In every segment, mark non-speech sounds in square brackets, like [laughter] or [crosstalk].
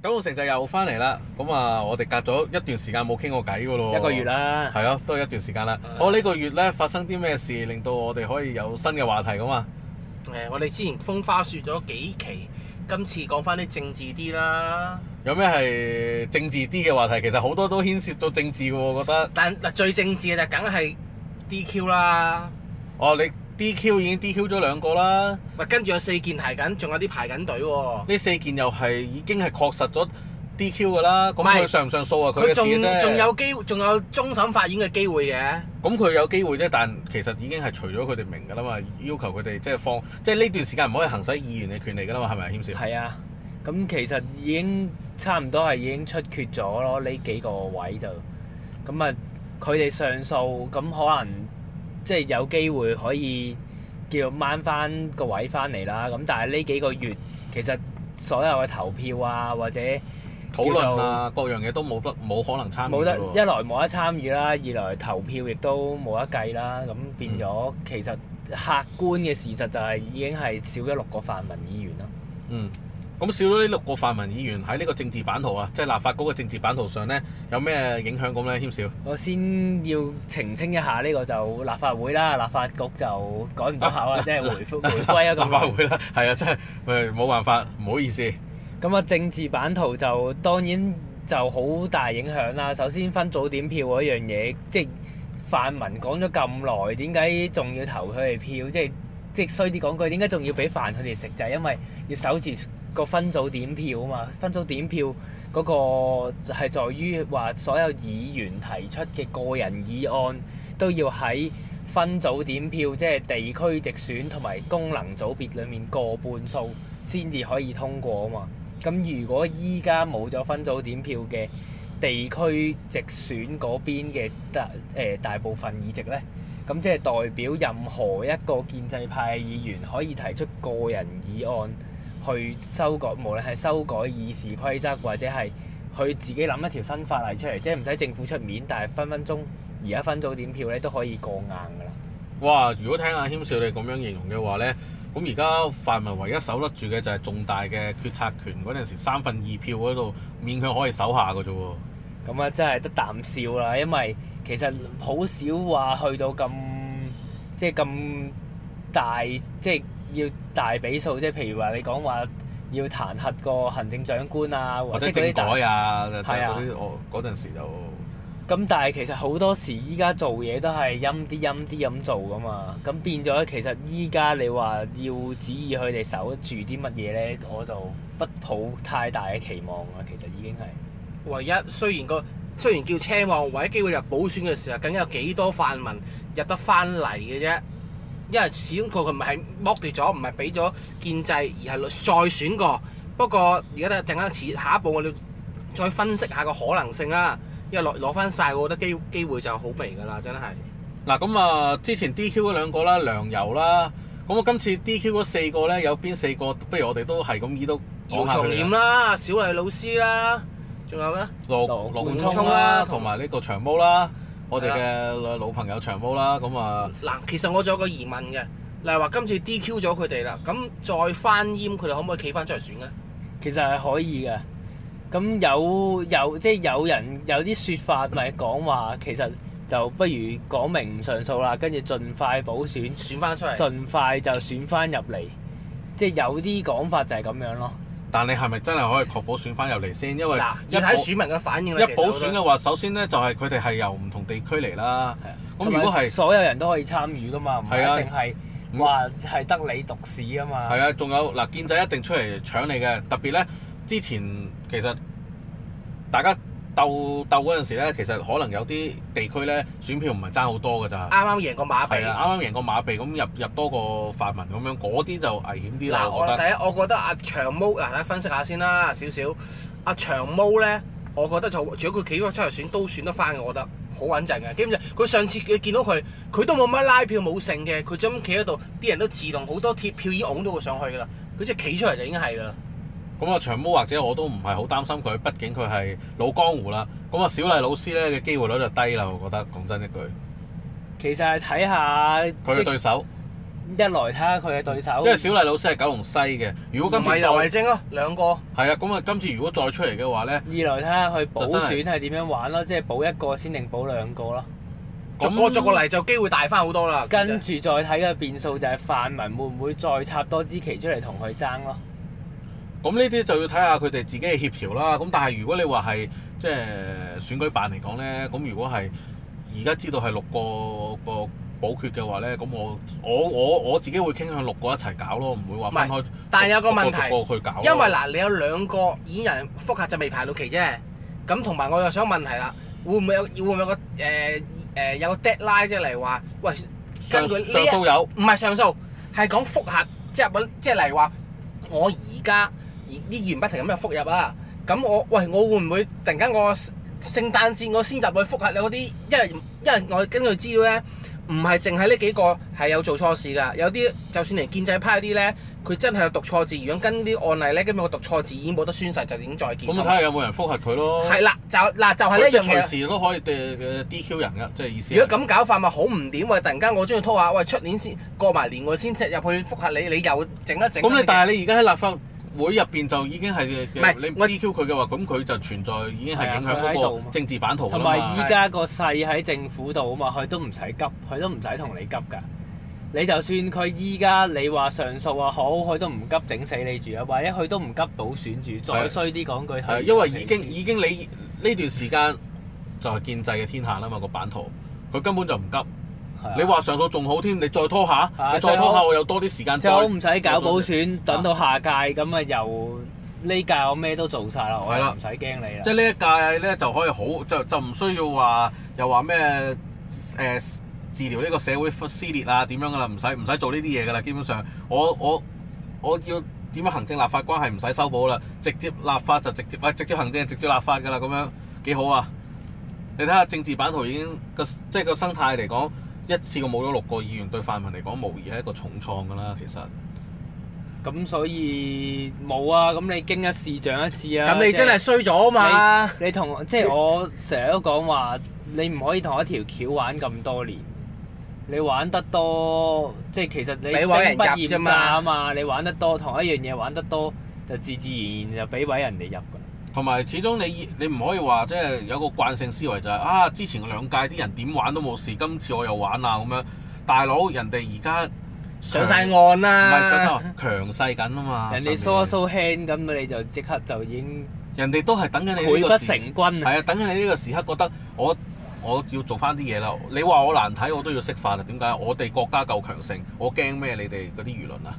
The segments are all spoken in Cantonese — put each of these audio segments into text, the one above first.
九號成就又翻嚟啦，咁啊，我哋隔咗一段時間冇傾過偈噶咯，一個月啦，係啊，都係一段時間啦。嗯、好，呢、這個月咧發生啲咩事，令到我哋可以有新嘅話題咁啊？誒、嗯，我哋之前風花雪咗幾期，今次講翻啲政治啲啦。有咩係政治啲嘅話題？其實好多都牽涉到政治嘅，我覺得。但嗱，最政治嘅就梗係 DQ 啦。哦，你。DQ 已經 DQ 咗兩個啦，喂、啊，跟住有四件係緊，仲有啲排緊隊喎、啊。呢四件又係已經係確實咗 DQ 噶啦，咁佢是上唔上訴啊？佢仲仲有機，仲有終審法院嘅機會嘅。咁佢、嗯、有機會啫，但其實已經係除咗佢哋名噶啦嘛，要求佢哋即係放，即係呢段時間唔可以行使議員嘅權利噶啦嘛，係咪啊？謙少。係啊，咁其實已經差唔多係已經出缺咗咯，呢幾個位就，咁啊，佢哋上訴，咁可能。即係有機會可以叫掹翻個位翻嚟啦，咁但係呢幾個月其實所有嘅投票啊或者討論啊各樣嘢都冇得冇可能參與啊。冇得一來冇得參與啦，二來投票亦都冇得計啦，咁變咗其實客觀嘅事實就係已經係少咗六個泛民議員啦。嗯。咁少咗呢六個泛民議員喺呢個政治版圖啊，即係立法局嘅政治版圖上咧，有咩影響咁咧？謙少，我先要澄清一下呢個就立法會啦，立法局就改唔到口啦，即係回覆、回歸啊，咁。立法會啦，係啊，真係誒冇辦法，唔好意思。咁啊，政治版圖就當然就好大影響啦。首先分早點票嗰樣嘢，即係泛民講咗咁耐，點解仲要投佢哋票？即係即係衰啲講句，點解仲要俾飯佢哋食？就係因為要守住。個分組點票啊嘛，分組點票嗰個係在於話所有議員提出嘅個人議案都要喺分組點票，即係地區直選同埋功能組別裡面過半數先至可以通過啊嘛。咁如果依家冇咗分組點票嘅地區直選嗰邊嘅大誒、呃、大部分議席呢，咁即係代表任何一個建制派議員可以提出個人議案。去修改，無論係修改議事規則，或者係佢自己諗一條新法例出嚟，即係唔使政府出面，但係分分鐘而家分組點票咧都可以過硬㗎啦。哇！如果聽阿謙少你咁樣形容嘅話咧，咁而家泛民唯一守得住嘅就係重大嘅決策權嗰陣時三分二票嗰度勉強可以守下㗎啫喎。咁啊，真係得啖笑啦，因為其實好少話去到咁即係咁大即係。即係要大比數即係，譬如話你講話要彈劾個行政長官啊，或者政改啊，就嗰我嗰陣時就。咁但係其實好多時依家做嘢都係陰啲陰啲咁做噶嘛，咁變咗其實依家你話要指意佢哋守住啲乜嘢咧，我就不抱太大嘅期望啦。其實已經係。唯一雖然個雖然叫車望，或者機會入補選嘅時候，咁有幾多泛民入得翻嚟嘅啫？因為始終佢佢唔係剝奪咗，唔係俾咗建制，而係再選過。不過而家咧，陣間遲下一步我哋再分析下個可能性啦。因為攞攞翻曬，我覺得機會機會就好微噶啦，真係。嗱咁啊，之前 DQ 嗰兩個啦，梁游啦。咁我今次 DQ 嗰四個咧，有邊四個？不如我哋都係咁意都講下佢哋。姚松炎啦，小麗老師啦，仲有咧？羅羅冠聰啦，同埋呢個長毛啦。我哋嘅老朋友長毛啦，咁啊，嗱，其實我仲有個疑問嘅，例如話今次 DQ 咗佢哋啦，咁再翻閹佢哋可唔可以企翻出嚟選咧？其實係可以嘅，咁有有即係有人有啲説法咪講話，其實就不如講明唔上訴啦，跟住盡快補選，選翻出嚟，盡快就選翻入嚟，即係有啲講法就係咁樣咯。但你係咪真係可以確保選翻入嚟先？因為要睇市民嘅反應。一補選嘅話，首先咧就係佢哋係由唔同地區嚟啦。咁的如果係所有人都可以參與噶嘛，唔一定係話係得你獨市啊嘛。係啊，仲有嗱，建制一定出嚟搶你嘅，特別咧之前其實大家。鬥鬥嗰陣時咧，其實可能有啲地區咧，選票唔係爭好多嘅咋。啱啱贏個馬鼻，係啊，啱啱贏個馬鼻，咁入入多個泛民咁樣，嗰啲就危險啲啦。我第一，我覺得阿長毛啊強，大家分析下先啦，少少。阿、啊、長毛咧，我覺得就，除咗佢企咗出嚟選都選得翻嘅，我覺得好穩陣嘅。基本上，佢上次你見到佢，佢都冇乜拉票冇成嘅，佢就咁企喺度，啲人都自動好多鐵票已經到佢上去㗎啦。佢只企出嚟就已經係㗎啦。咁啊，長毛或者我都唔係好擔心佢，畢竟佢係老江湖啦。咁啊，小麗老師咧嘅機會率就低啦，我覺得講真一句。其實係睇下佢嘅對手，一來睇下佢嘅對手。因為小麗老師係九龍西嘅，如果今次就係精咯，兩個。係啊，咁啊，今次如果再出嚟嘅話咧，二來睇下佢補選係點樣玩咯，即係補一個先定補兩個咯。哥樣實再過嚟就機會大返好多啦。跟住再睇嘅變數就係泛民會唔會再插多支旗出嚟同佢爭咯。咁呢啲就要睇下佢哋自己嘅協調啦。咁但係如果你話係即係選舉辦嚟講咧，咁如果係而家知道係六個個補缺嘅話咧，咁我我我我自己會傾向六個一齊搞咯，唔會話分開。但係有個問題，去搞因為嗱，你有兩個演人複核就未排到期啫。咁同埋我又想問題啦，會唔會有會唔會有個誒誒、呃呃、有 deadline 即係嚟話喂？上訴有唔係上訴，係講複核即係本即係例如話我而家。啲議員不停咁樣複入啊！咁我喂，我會唔會突然間我聖誕節我先入去複核你嗰啲？因為因為我根據資料咧，唔係淨係呢幾個係有做錯事噶，有啲就算嚟建制派嗰啲咧，佢真係有讀錯字。如果跟啲案例咧，咁我讀錯字已經冇得宣誓，就已經再見。咁我睇下有冇人複核佢咯。係啦，就嗱、啊、就係、是、呢樣嘅。隨時都可以對 DQ 人噶，即係意思。如果咁搞法咪好唔掂喂，突然間我鍾意拖下，喂出年先過埋年我先入去複核你，你又整一整。咁你但係你而家喺立法會入邊就已經係唔係你 DQ 佢嘅話，咁佢是就存在已經係影響嗰個政治版圖。同埋依家個勢喺政府度啊嘛，佢都唔使急，佢都唔使同你急㗎。你就算佢依家你話上訴啊，好佢都唔急整死你住啊，或者佢都唔急倒選住。再衰啲講句係的因為已經已經你呢段時間就係建制嘅天下啦嘛，個版圖佢根本就唔急。你話上訴仲好添，你再拖下，啊、你再拖下，啊、我又多啲時間。就唔使搞補選，等到下屆咁啊，由呢屆我咩都做晒啦，的我唔使驚你。即係呢一屆咧，就可以好，就就唔需要話又話咩誒治療呢個社會撕裂啊點樣噶啦，唔使唔使做呢啲嘢噶啦。基本上，我我我要點樣行政立法關係唔使修補啦，直接立法就直接，唔、啊、直接行政直接立法噶啦，咁樣幾好啊！你睇下政治版圖已經個即係個生態嚟講，一次過冇咗六個議員，對泛民嚟講無疑係一個重創噶啦。其實，咁所以冇啊。咁你經一事長一智啊。咁你真係衰咗啊嘛你！你同即係我成日都講話，你唔可以同一條橋玩咁多年。你玩得多，即係其實你俾人夾啫嘛。啊嘛，你玩得多，同一樣嘢玩得多，就自自然然就俾位人哋入。同埋，始終你你唔可以話，即係有個慣性思維就係啊，之前兩屆啲人點玩都冇事，今次我又玩啊咁樣。大佬，人哋而家上晒岸啦，強勢緊啊嘛。人哋 so so hand 咁，你就即刻就已經人哋都係等緊你。不成軍係啊，等緊你呢個時刻，覺得我我要做翻啲嘢啦。你話我難睇，我都要釋法啦。點解？我哋國家夠強盛，我驚咩？你哋嗰啲輿論啊！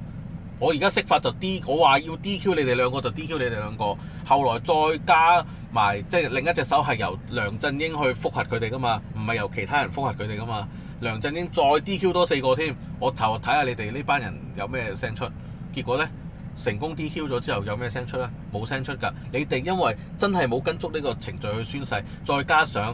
我而家釋法就 D，我話要 DQ 你哋兩個就 DQ 你哋兩個。後來再加埋，即係另一隻手係由梁振英去覆核佢哋噶嘛，唔係由其他人覆核佢哋噶嘛。梁振英再 DQ 多四個添，我頭睇下你哋呢班人有咩聲出。結果呢，成功 DQ 咗之後有咩聲出呢？冇聲出㗎。你哋因為真係冇跟足呢個程序去宣誓，再加上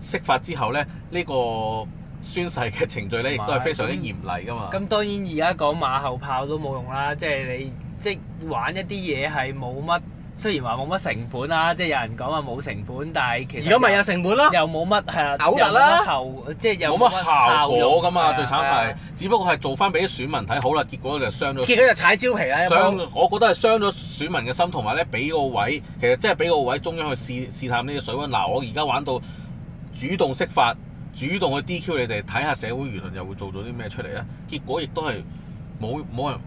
釋法之後呢，呢、呢個。宣誓嘅程序咧，亦都係非常之嚴厲噶嘛。咁、嗯、當然而家講馬後炮都冇用啦，即係你即係玩一啲嘢係冇乜，雖然話冇乜成本啦，即係有人講話冇成本，但係其實而家咪有成本咯，又冇乜係啊，扭力啦，啦後即係又冇乜效，效果噶嘛。的最慘係，的只不過係做翻俾啲選民睇好啦，結果就傷咗。結果就踩蕉皮啦。傷，有有我覺得係傷咗選民嘅心，同埋咧俾個位，其實即係俾個位中央去試試探呢個水溫。嗱，我而家玩到主動釋法。主動去 DQ，你哋睇下社會輿論又會做咗啲咩出嚟啊！結果亦都係冇冇人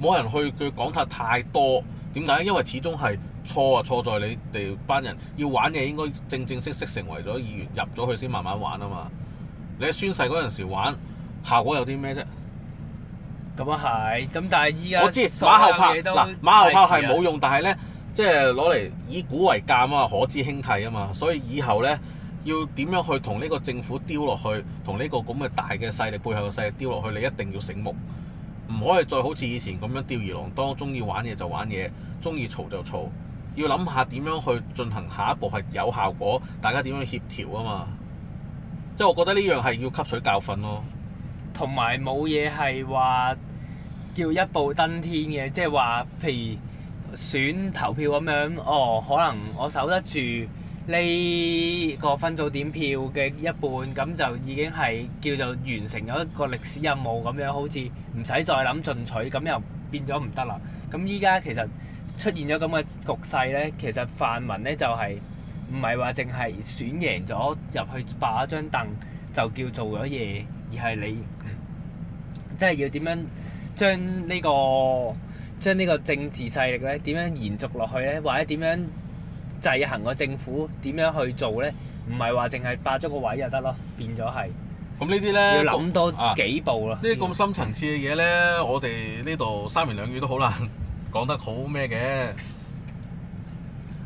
冇人去嘅講太太多。點解？因為始終係錯啊！錯在你哋班人要玩嘅，應該正正式式成為咗議員入咗去先慢慢玩啊嘛！你喺宣誓嗰陣時玩效果有啲咩啫？咁啊係，咁但係依家我知馬後炮嗱馬後炮係冇用，但係咧即係攞嚟以古為鑑啊嘛，可知興替啊嘛，所以以後咧。要點樣去同呢個政府丟落去，同呢個咁嘅大嘅勢力背後嘅勢力丟落去？你一定要醒目，唔可以再好似以前咁樣吊兒郎當，中意玩嘢就玩嘢，中意嘈就嘈。要諗下點樣去進行下一步係有效果，大家點樣協調啊嘛？即係我覺得呢樣係要吸取教訓咯。同埋冇嘢係話叫一步登天嘅，即係話，譬如選投票咁樣，哦，可能我守得住。呢個分組點票嘅一半，咁就已經係叫做完成咗一個歷史任務咁樣，好似唔使再諗進取，咁又變咗唔得啦。咁依家其實出現咗咁嘅局勢呢，其實泛民呢就係唔係話淨係選贏咗入去霸一張凳就叫做咗嘢，而係你即係 [laughs] 要點樣將呢個將呢個政治勢力呢點樣延續落去呢？或者點樣？制衡個政府點樣去做咧？唔係話淨係霸咗個位就得咯，變咗係。咁呢啲咧要諗想多、啊、幾步咯。呢啲咁深層次嘅嘢咧，嗯、我哋呢度三言兩語都好難講得好咩嘅。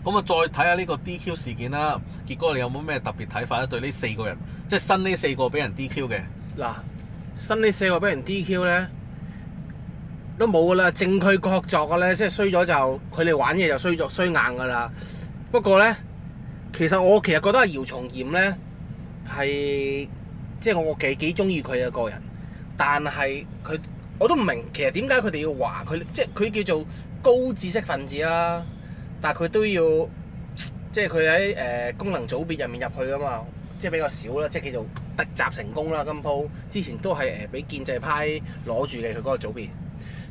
咁啊，再睇下呢個 DQ 事件啦。結果你有冇咩特別睇法咧？對呢四個人，即、就、係、是、新呢四個俾人 DQ 嘅嗱，新呢四個俾人 DQ 咧，都冇噶啦，政佢國作嘅咧，即係衰咗就佢哋玩嘢就衰咗衰硬噶啦。不過咧，其實我其實覺得姚松炎咧，係即係我幾幾中意佢嘅個人，但係佢我都唔明其實點解佢哋要話佢，即係佢叫做高知識分子啦，但係佢都要即係佢喺誒功能組別入面入去啊嘛，即係比較少啦，即係叫做突襲成功啦。今鋪之前都係誒俾建制派攞住嘅佢嗰個組別，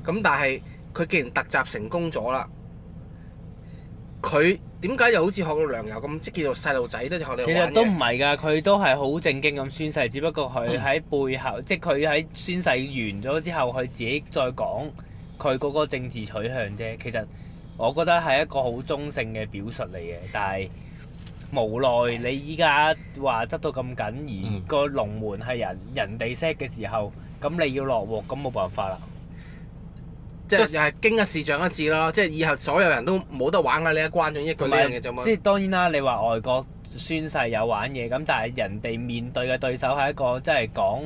咁但係佢既然突襲成功咗啦。佢點解又好似學到良友咁，即叫做細路仔都就學你玩嘅。其實都唔係㗎，佢都係好正經咁宣誓，只不過佢喺背後，嗯、即係佢喺宣誓完咗之後，佢自己再講佢嗰個政治取向啫。其實我覺得係一個好中性嘅表述嚟嘅，但係無奈你依家話執到咁緊，而個龍門係人人哋 set 嘅時候，咁你要落鑊，咁冇辦法啦。即係又係經一事長一智咯，即係以後所有人都冇得玩㗎，呢一關咗一句唔，即係當然啦、啊！你話外國宣誓有玩嘢，咁但係人哋面對嘅對手係一個即係講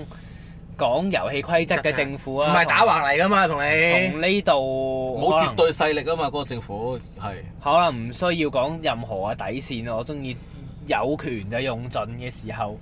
講遊戲規則嘅政府啊。唔係打橫嚟㗎嘛，同你同呢度。冇絕對勢力啊嘛，嗰能個政府係可能唔需要講任何嘅底線，我中意有權就用盡嘅時候，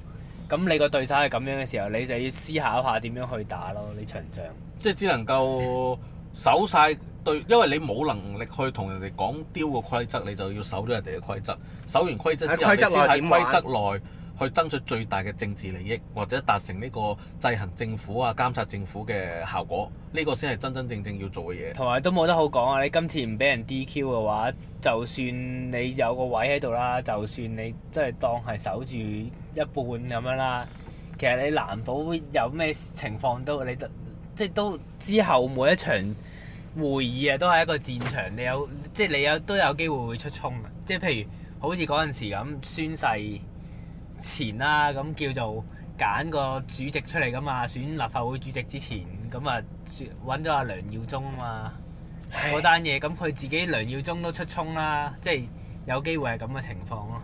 咁你個對手係咁樣嘅時候，你就要思考下點樣去打咯你場仗。即係只能夠。 [laughs] 守晒對，因為你冇能力去同人哋講丟個規則，你就要守咗人哋嘅規則。守完規則之後，先喺規則內去爭取最大嘅政治利益，或者達成呢個制衡政府啊、監察政府嘅效果。呢個先係真真正正要做嘅嘢。同埋都冇得好講啊！你今次唔俾人 DQ 嘅話，就算你有個位喺度啦，就算你真係當係守住一半咁樣啦，其實你難保有咩情況都你得。即係都之後每一場會議啊，都係一個戰場。你有即係你有都有機會會出衝。即係譬如好似嗰陣時咁宣誓前啦、啊，咁叫做揀個主席出嚟㗎嘛，選立法會主席之前咁啊，揾咗阿梁耀忠啊嘛。嗰單嘢咁佢自己梁耀忠都出衝啦，即係有機會係咁嘅情況咯。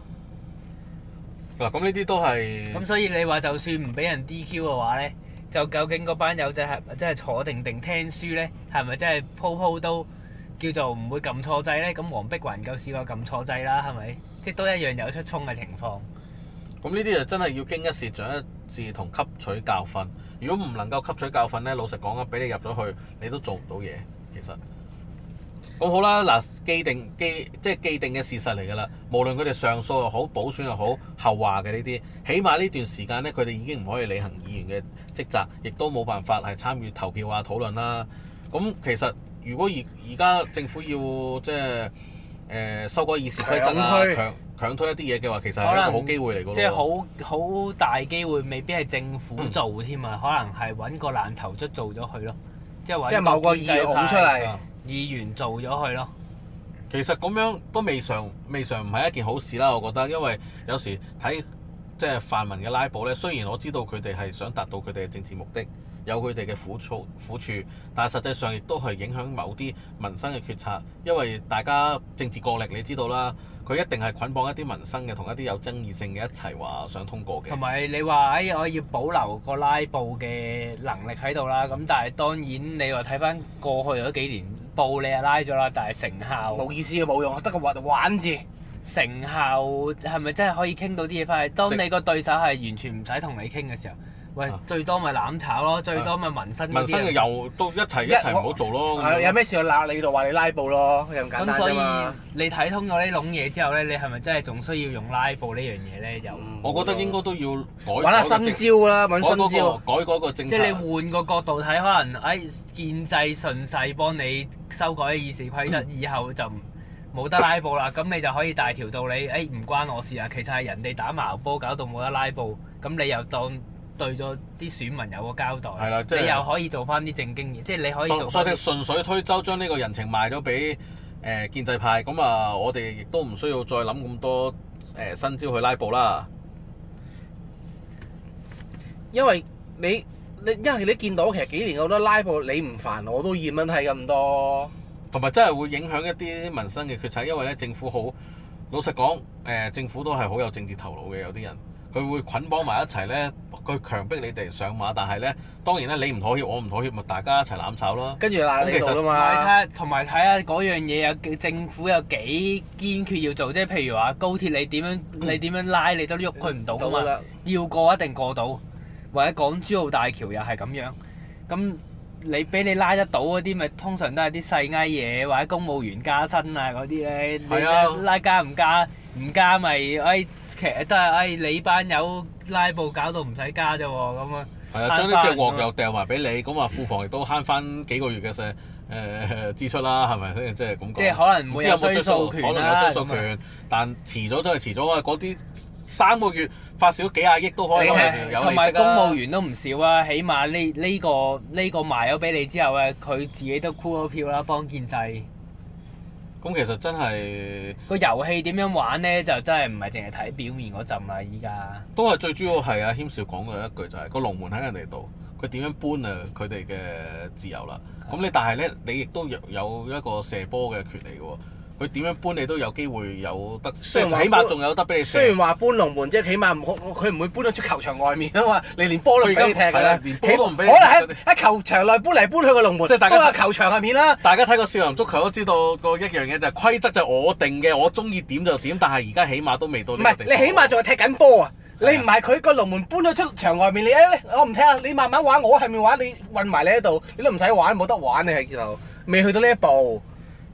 嗱，咁呢啲都係咁，所以你話就算唔俾人 DQ 嘅話咧？就究竟嗰班友仔係咪真係坐定定聽書呢？係咪真係鋪鋪都叫做唔會撳錯掣呢？咁黃碧還黃碧雲夠試過撳錯掣啦，係咪？即係都一樣有出錯嘅情況。咁呢啲就真係要經一事長一智同吸取教訓。如果唔能夠吸取教訓呢，老實講啊，俾你入咗去，你都做唔到嘢。其實。咁好啦，嗱既定既即係既定嘅事實嚟㗎啦，無論佢哋上訴又好，補選又好，後話嘅呢啲，起碼呢段時間咧，佢哋已經唔可以履行議員嘅職責，亦都冇辦法係參與投票啊、討論啦。咁其實如果而而家政府要即係誒、呃、收攞議事費啦，強推強、強推一啲嘢嘅話，其實係一個好機會嚟嘅。即係好好大機會，未必係政府做㖏，嗯、可能係揾個爛頭卒做咗佢咯，即係或者。即係某個議案出嚟。議員做咗佢咯，其實咁樣都未嘗未嘗唔係一件好事啦。我覺得，因為有時睇即係泛民嘅拉布咧，雖然我知道佢哋係想達到佢哋嘅政治目的，有佢哋嘅苦處苦處，但係實際上亦都係影響某啲民生嘅決策，因為大家政治角力，你知道啦，佢一定係捆綁一啲民生嘅同一啲有爭議性嘅一齊話想通過嘅。同埋你話誒，我要保留個拉布嘅能力喺度啦。咁但係當然你話睇返過去嗰幾年。報你啊拉咗啦，但係成效冇意思啊，冇用啊，得個玩玩字。成效係咪真係可以傾到啲嘢翻去？當你個對手係完全唔使同你傾嘅時候。喂，最多咪攬炒咯，最多咪民生。民生又都一齊一齊唔好做咯。係有咩事要鬧你度，話你拉布咯，又咁簡單啫嘛。咁所以你睇通咗呢籠嘢之後咧，你係咪真係仲需要用拉布呢樣嘢咧？又我覺得應該都要改。玩下新招啦，玩新招。改改個政策。即係你換個角度睇，可能誒建制順勢幫你修改啲議事規則，以後就冇得拉布啦。咁你就可以大條道理誒，唔關我事啊。其實係人哋打茅波搞到冇得拉布，咁你又當？對咗啲選民有個交代，係啦的，即係你又可以做翻啲正經嘢，即係你可以做純。所以即係順水推舟，將呢個人情賣咗俾誒建制派。咁啊，我哋亦都唔需要再諗咁多誒新招去拉布啦。因為你你因為你見到其實幾年我都拉布，你唔煩我都厭，問題咁多，同埋真係會影響一啲民生嘅決策。因為咧政府好，老實講，誒政府都係好有政治頭腦嘅，有啲人。佢會捆綁埋一齊咧，佢強迫你哋上馬，但係咧當然咧你唔妥協，我唔妥協，咪大家一齊攬炒咯。跟住嗱，其實啦嘛。同埋睇下嗰樣嘢有政府有幾堅決要做，即係譬如話高鐵，你點樣你點樣拉，你都喐佢唔到噶嘛。要過一定過到，或者港珠澳大橋又係咁樣。咁你俾你拉得到嗰啲，咪通常都係啲細埃嘢，或者公務員加薪啊嗰啲咧。係啊。拉加唔加唔加咪？其實都係，誒、哎、你班友拉布搞到唔使加啫喎，咁啊，係啊的，將呢隻鑊又掉埋俾你，咁啊、嗯、庫房亦都慳翻幾個月嘅嘅、呃、支出啦，係咪？就是、即係即係咁講，即係可能會有追訴權啦、啊，但遲咗都係遲咗啊！嗰啲三個月發少幾廿億都可以看可能有、啊，同埋公務員都唔少啊，起碼呢、這、呢個呢、這個賣咗俾你之後啊，佢自己都箍咗票啦，幫建制。咁其實真係個遊戲點樣玩咧？就真係唔係淨係睇表面嗰陣啦。依家都係最主要係阿、啊、謙少講嘅一句就係、是、個龍門喺人哋度，佢點樣搬啊？佢哋嘅自由啦。咁你但係咧，你亦都有有一個射波嘅權利嘅喎。佢點樣搬，你都有機會有得，雖然起碼仲有得俾你。雖然話搬龍門，即係起碼唔好，佢唔會搬到出球場外面啊嘛。你連波都唔俾你踢嘅，連波都唔俾。你可能喺球場內搬嚟搬去個龍門，即係大家球場入面啦。大家睇過少林足球都知道個一樣嘢就係、是、規則就係我定嘅，我中意點就點。但係而家起碼都未到。唔係你起碼仲係踢緊波啊！的你唔係佢個龍門搬咗出場外面，你的、哎、我唔聽啊！你慢慢玩，我係咪玩？你混埋你喺度，你都唔使玩，冇得玩你係頭，未去到呢一步。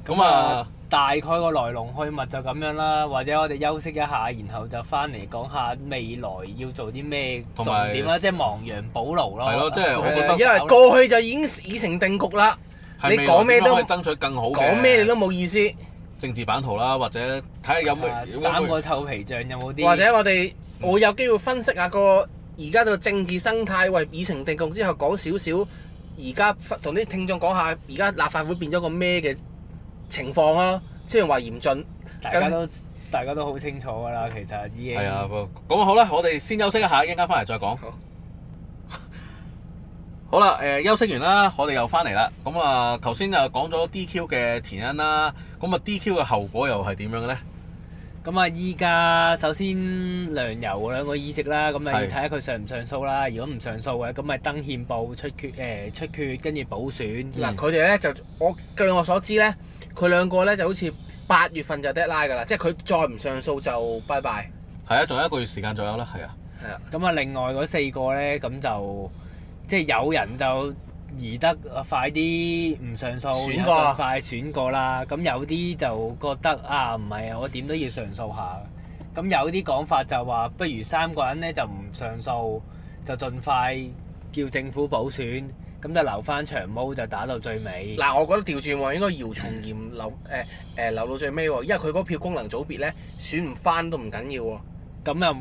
咁啊～大概個來龍去脈就咁樣啦，或者我哋休息一下，然後就翻嚟講下未來要做啲咩重點啦，有即係亡羊補牢咯。係咯了，即係，我覺得的因為過去就已經已成定局啦。的你講咩都，爭取更好講咩你都冇意思。政治版圖啦，或者睇下有冇三個臭皮匠有冇啲，或者我哋我有機會分析下個而家個政治生態為已成定局之後，講少少而家同啲聽眾講下，而家立法會變咗個咩嘅？情況啊，雖然話嚴峻，大家都大家都好清楚噶啦。其實已經係啊，咁、e e、好啦，我哋先休息一下，一陣間翻嚟再講。好啦，誒、呃、休息完啦，我哋又翻嚟啦。咁啊，頭先就講咗 DQ 嘅前因啦，咁啊 DQ 嘅後果又係點樣咧？咁啊，依家首先梁游兩個議席啦，咁啊要睇下佢上唔上訴啦。的如果唔上訴嘅，咁咪登憲報出缺，誒、出缺，跟住補選嗱。佢哋咧就，我據我所知咧。佢兩個咧就好似八月份就 dead 拉㗎喇，即係佢再唔上訴就拜拜。係啊，仲有一個月時間左右啦，係啊。係啊。咁啊，另外嗰四個咧，咁就即係有人就移得快啲，唔上訴，快選過啦。咁有啲就覺得啊，唔係啊，我點都要上訴下。咁有啲講法就話，不如三個人咧就唔上訴，就盡快叫政府補選。咁就留翻長毛就打到最尾。嗱、啊，我覺得調轉喎，應該姚松炎留誒誒、呃、留到最尾喎，因為佢嗰票功能組別咧選唔翻都唔緊要喎。咁又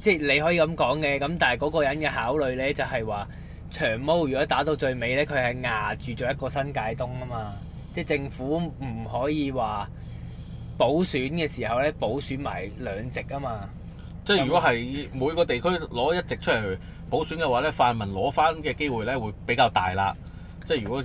即係你可以咁講嘅，咁但係嗰個人嘅考慮咧就係、是、話長毛如果打到最尾咧，佢係壓住咗一個新界東啊嘛，即係政府唔可以話補選嘅時候咧補選埋兩席啊嘛。即係如果係每個地區攞一席出嚟。去。嗯嗯補選嘅話咧，泛民攞返嘅機會咧會比較大啦。即係如果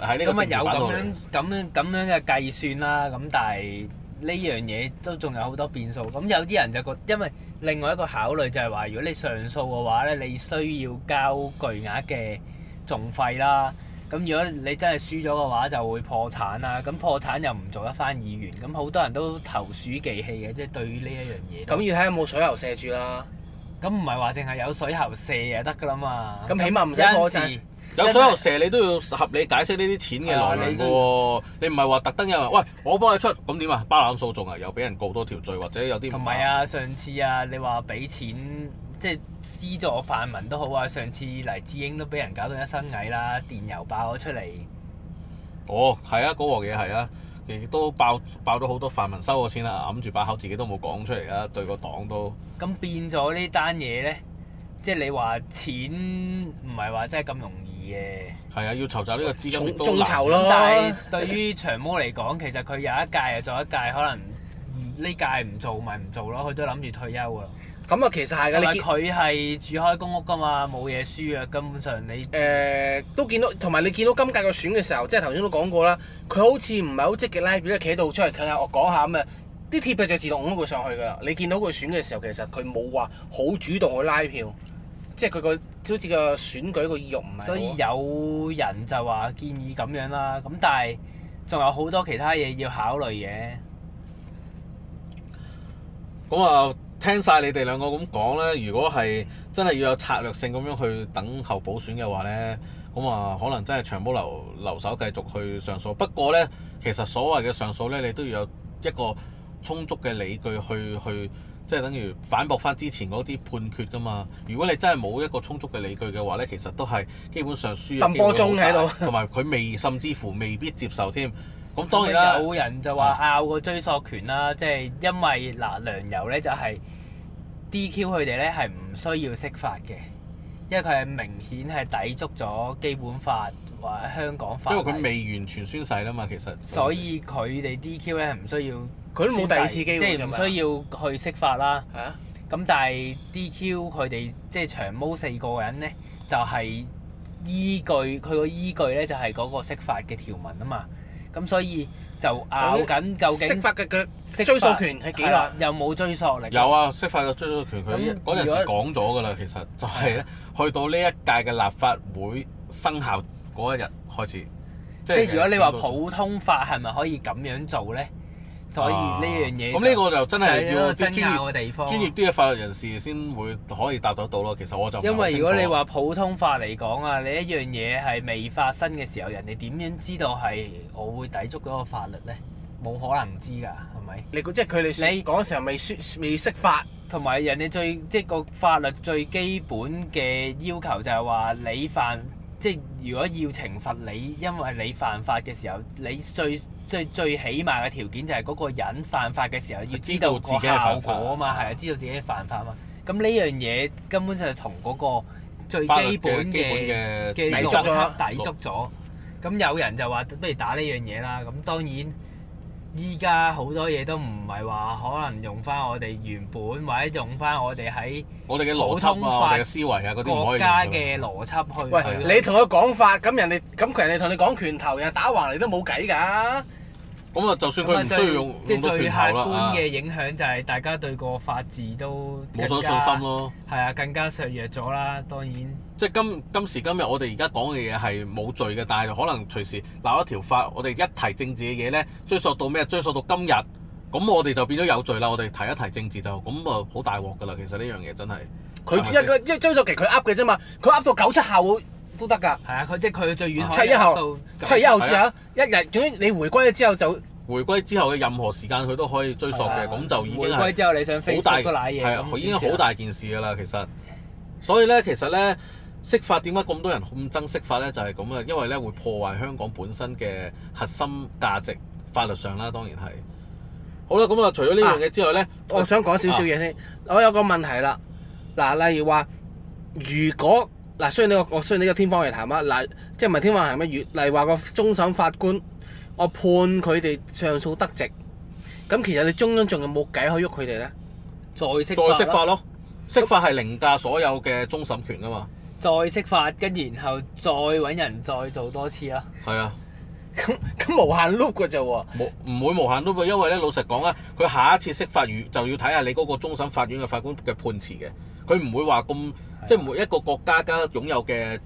要喺呢個產品度，咁樣咁樣嘅計算啦。咁但係呢樣嘢都仲有好多變數。咁有啲人就覺得，因為另外一個考慮就係話，如果你上訴嘅話咧，你需要交巨額嘅仲費啦。咁如果你真係輸咗嘅話，就會破產啦。咁破產又唔做一返議員。咁好多人都投鼠忌器嘅，即係對於呢一樣嘢。咁要睇下有冇水喉射住啦。咁唔係話淨係有水喉射就得噶啦嘛？咁起碼唔使破產。子有水喉射你都要合理解釋呢啲錢嘅來嚟嘅喎。啊、個你唔係話特登有人喂我幫你出，咁點啊？包攬訴訟啊，又俾人告多條罪，或者有啲唔同。同埋啊，上次啊，你話俾錢即係資助泛民都好啊。上次黎智英都俾人搞到一身蟻啦，電郵爆咗出嚟。哦，係啊，嗰鑊嘢係啊。亦都爆爆咗好多泛民收我錢啦，揞住把口自己都冇講出嚟啦，對個黨都。咁變咗呢單嘢咧，即係你話錢唔係話真係咁容易嘅。係啊、嗯，要籌集呢個資金都難。眾籌咯。但係對於長毛嚟講，其實佢有一屆又做一屆，可能呢屆唔做咪唔做咯，佢都諗住退休㗎。咁啊，其實係㗎，你佢係住開公屋㗎嘛，冇嘢輸啊，根本上你誒、呃、都見到，同埋你見到今屆個選嘅時候，即係頭先都講過啦，佢好似唔係好積極拉票，企度出嚟傾下，我講下咁啊，啲貼嘅就自動拱佢上去㗎啦。你見到佢選嘅時候，其實佢冇話好主動去拉票，即係佢個好似個選舉個意欲唔係。所以有人就話建議咁樣啦，咁但係仲有好多其他嘢要考慮嘅。咁啊、嗯！聽晒你哋兩個咁講呢，如果係真係要有策略性咁樣去等候補選嘅話呢，咁啊可能真係長保留留守繼續去上訴。不過呢，其實所謂嘅上訴呢，你都要有一個充足嘅理據去去，即係等於反駁返之前嗰啲判決㗎嘛。如果你真係冇一個充足嘅理據嘅話呢，其實都係基本上輸入啲嘅。揼波鐘喺度，同埋佢未甚至乎未必接受添。咁當然啦，有人就話拗個追索權啦，即係、嗯、因為嗱，梁游咧就係 DQ 佢哋咧係唔需要釋法嘅，因為佢係明顯係抵觸咗基本法或者香港法。因為佢未完全宣誓吖嘛，其實。所以佢哋 DQ 咧係唔需要，佢都冇第二次機會，即係唔需要去釋法啦。係咁、啊、但係 DQ 佢哋即係長毛四個人咧，就係、是、依據佢個依據咧，就係嗰個釋法嘅條文啊嘛。咁所以就拗緊究竟釋法嘅嘅追溯權係幾耐？啊、有冇追溯力。有啊，釋法嘅追溯權，佢嗰陣時講咗㗎啦。果其實就係咧，去到呢一屆嘅立法會生效嗰一日開始。即係如果你話普通法係咪可以咁樣做咧？所以呢、啊、樣嘢咁呢個就真係要專業嘅地方，專業啲嘅法律人士先會可以答得到咯。其實我就因為如果你話普通法嚟講啊，你一樣嘢係未發生嘅時候，人哋點樣知道係我會抵觸嗰個法律咧？冇可能知㗎，係咪？你講即係佢哋，你講時候未未識法，同埋人哋最即係個法律最基本嘅要求就係話你犯。即係如果要懲罰你，因為你犯法嘅時候，你最最最起碼嘅條件就係嗰個人犯法嘅時候要知道自己個後果啊嘛，係啊，知道自己犯法嘛。咁呢樣嘢根本就係同嗰個最基本嘅抵觸抵觸咗。咁了有人就話不如打呢樣嘢啦。咁當然。依家好多嘢都唔係話可能用翻我哋原本或者用翻我哋喺我哋嘅邏輯啊，我哋嘅思維啊，嗰啲國家嘅邏輯去。喂，喂你同佢講法，咁人哋咁佢人哋同你講拳頭，又打橫嚟都冇計㗎。咁啊，就算佢唔需要用，即係最，最客觀嘅影響就係大家對個法治都冇咗信心咯。係啊，更加削弱咗啦，當然。即係今今時今日，我哋而家講嘅嘢係冇罪嘅，但係可能隨時鬧一條法。我哋一提政治嘅嘢咧，追溯到咩？追溯到今日，咁我哋就變咗有罪啦。我哋提一提政治就咁啊，好大鑊噶啦。其實呢樣嘢真係佢一個即係追溯期，佢噏嘅啫嘛。佢噏到九七後都得噶。係啊，佢即係佢最遠。啊、七一號，啊、七一號之後，一日總之你回歸之後就回歸之後嘅任何時間佢都可以追溯嘅。咁、啊、就已經係回歸之後你想飛都攋嘢。係啊，佢、啊、已經好大件事噶啦、啊。其實，所以咧，其實咧。釋法點解咁多人咁憎釋法咧？就係咁啊！因為咧會破壞香港本身嘅核心價值，法律上啦，當然係。好啦，咁、嗯、啊，除咗呢樣嘢之外咧，我想講少少嘢先。啊、我有個問題啦，嗱，例如話，如果嗱，雖然呢、這個我雖然呢個天方夜譚啊，嗱，即係唔係天方夜譚咩？如，例如話個終審法官，我判佢哋上訴得直。咁其實你中央仲有冇計可喐佢哋咧？再釋再釋法咯，釋法係凌駕所有嘅終審權噶嘛？再釋法，跟，然後再揾人再做多次啦。係啊，咁咁 [laughs] 無限 loop 㗎就喎。冇，唔會無限 loop 嘅，因為咧老實講啊，佢下一次釋法如，就要睇下你嗰個終審法院嘅法官嘅判詞嘅，佢唔會話咁、啊、即係每一個國家家擁有嘅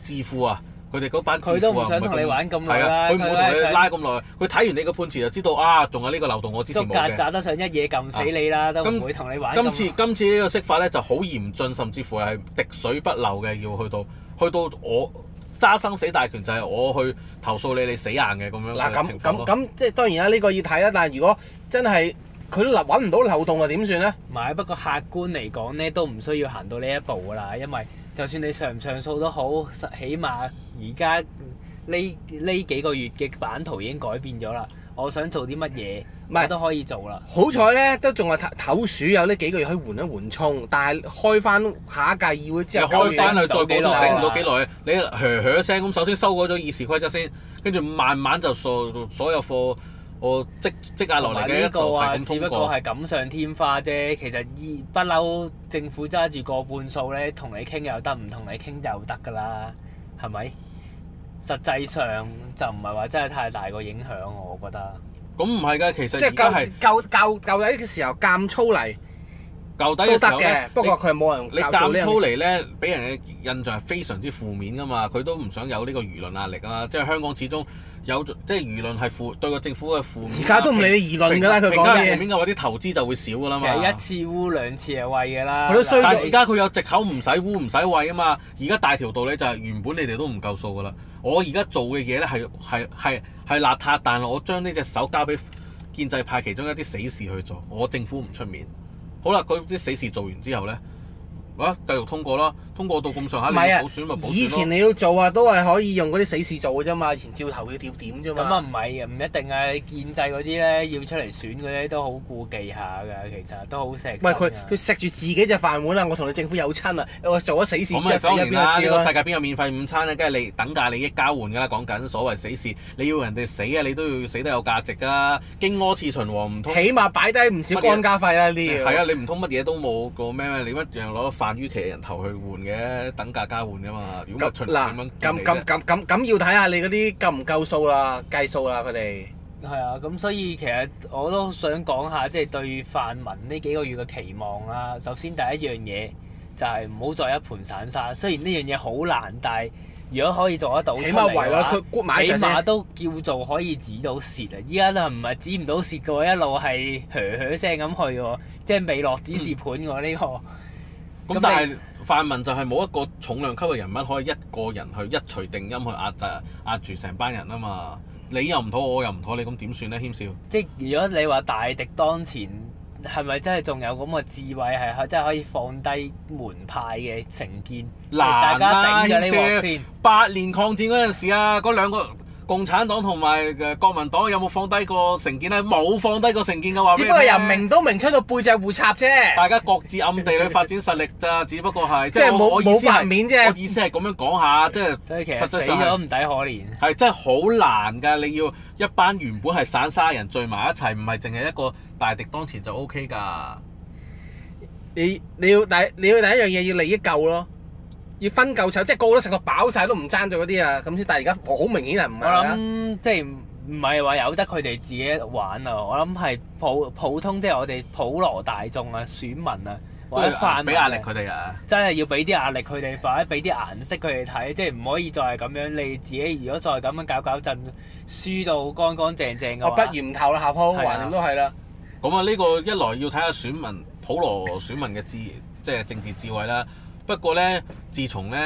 致富啊。佢哋班，佢都唔想同你玩咁耐啦。佢唔、啊、會同你拉咁耐、啊。佢睇完你個判詞就知道啊，仲有呢個漏洞我之前冇嘅。捉曱甴得上一嘢撳死你啦，啊、都唔會同你玩、啊今。今次今次呢個釋法咧就好嚴峻，甚至乎係滴水不漏嘅，要去到去到我揸生死大權就係、是、我去投訴你你死硬嘅咁樣嗱。咁咁咁即係當然啦，呢、這個要睇啦。但係如果真係佢都揾唔到漏洞，又點算咧？唔不，不過客觀嚟講咧，都唔需要行到呢一步㗎啦，因為。就算你上唔上訴都好，起碼而家呢呢幾個月嘅版圖已經改變咗啦。我想做啲乜嘢，乜，嗯、都可以做啦。好彩咧，都仲係唞鼠，有呢幾個月可以緩一緩衝。但係開翻下一屆議會之後，開翻去再過幾耐？頂唔到幾耐？你噏噏聲咁，首先修改咗議事規則先，跟住慢慢就所所有貨。我積積壓落嚟呢就係只不過係錦上添花啫。其實依不嬲，政府揸住個半數咧，同你傾又得，唔同你傾又得㗎啦。係咪？實際上就唔係話真係太大個影響，我覺得。咁唔係㗎，其實即係夠夠夠夠呢個時候咁粗嚟。舊底都得嘅，不過佢係冇人時候咧，你教粗嚟咧，俾人嘅印象係非常之負面噶嘛。佢都唔想有呢個輿論壓力啊，即係香港始終有即係輿論係負對個政府嘅負面。而家都唔理啲輿論噶啦，佢講咩？而家負面嘅話，啲投資就會少噶啦嘛。有一次污兩次係餵噶啦，但係而家佢有藉口唔使污唔使餵啊嘛。而家大條道理就係原本你哋都唔夠數噶啦。我而家做嘅嘢咧係係係係邋遢，但係我將呢隻手交俾建制派其中一啲死士去做，我政府唔出面。好啦，佢啲死事做完之後咧。喂、啊，繼續通過啦，通過到咁上下嚟補選咪補選，啊、以前你要做啊，都係可以用嗰啲死士做嘅啫嘛，以前照頭要調點啫嘛。咁啊唔係啊，唔一定啊，建制嗰啲咧要出嚟選嗰啲都好顧忌下噶，其實都好食。唔佢佢食住自己隻飯碗啊！我同你政府有親啊，我做咗死士。咁啊，當然啦，個世界邊有免費午餐咧？梗係你等價利益交換噶啦，講緊所謂死士，你要人哋死啊，你都要死得有價值啊。經多次循和唔通？起碼擺低唔少安家費啦呢。係麼啊，你唔通乜嘢都冇個咩你一樣攞。萬於其人頭去換嘅等價交換噶嘛？咁嗱咁咁咁咁咁要睇下你嗰啲、嗯、夠唔夠數啦，計數啦佢哋係啊。咁所以其實我都想講下，即係對泛民呢幾個月嘅期望啊。首先第一樣嘢就係唔好再一盤散沙，雖然呢樣嘢好難，但係如果可以做得到，起碼為咗佢，起碼都叫做可以止到蝕啊。依家就唔係止唔到蝕嘅、啊，一路係嘸嘸聲咁去喎，即係未落止蝕盤我、啊、呢、這個。嗯咁但係你泛民就係冇一個重量級嘅人物可以一個人去，一錘定音去壓制壓住成班人啊嘛！你又唔妥，我又唔妥，你咁點算咧？謙少，即係如果你話大敵當前，係咪真係仲有咁嘅智慧係真係可以放低門派嘅成見？難啊，大家頂住先。八年抗戰嗰陣時啊，嗰兩個。共產黨同埋國民黨有冇放低個成見咧？冇放低個成見嘅話，只不過由明刀明槍到背脊互插啫。大家各自暗地裏發展實力咋？ [laughs] 只不過係即係冇冇面面，即我，我意思係咁樣講下，即係實際上死咗都唔抵可憐。係真係好難噶！你要一班原本係散沙人聚埋一齊，唔係淨係一個大敵當前就 OK 噶。你你要第你要第一樣嘢要利益夠咯。要分夠菜，即係個個都食個飽晒都唔爭咗嗰啲啊，咁先。但係而家好明顯係唔係啦？即係唔係話由得佢哋自己玩啊？我諗係普普通即係我哋普羅大眾啊、選民啊，或者泛民俾壓力佢哋啊，真係要俾啲壓力佢哋，或者俾啲顏色佢哋睇，即係唔可以再係咁樣。你自己如果再咁樣搞搞震，輸到乾乾淨淨嘅話，我不如唔投啦，下鋪橫掂都係啦。咁啊，呢個一來要睇下選民普羅選民嘅智，即係政治智慧啦。不過咧，自從咧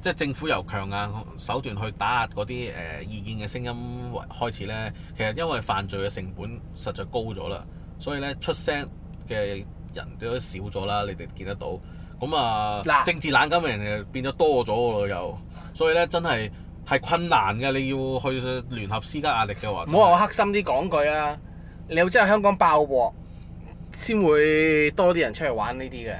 即係政府由強硬手段去打壓嗰啲誒意見嘅聲音開始咧，其實因為犯罪嘅成本實在高咗啦，所以咧出聲嘅人都少咗啦。你哋見得到咁、嗯、啊？啊政治冷感嘅人變咗多咗咯，又所以咧真係係困難嘅，你要去聯合施加壓力嘅話，唔好話我黑心啲講句啊！你要真係香港爆鑊先會多啲人出嚟玩呢啲嘅。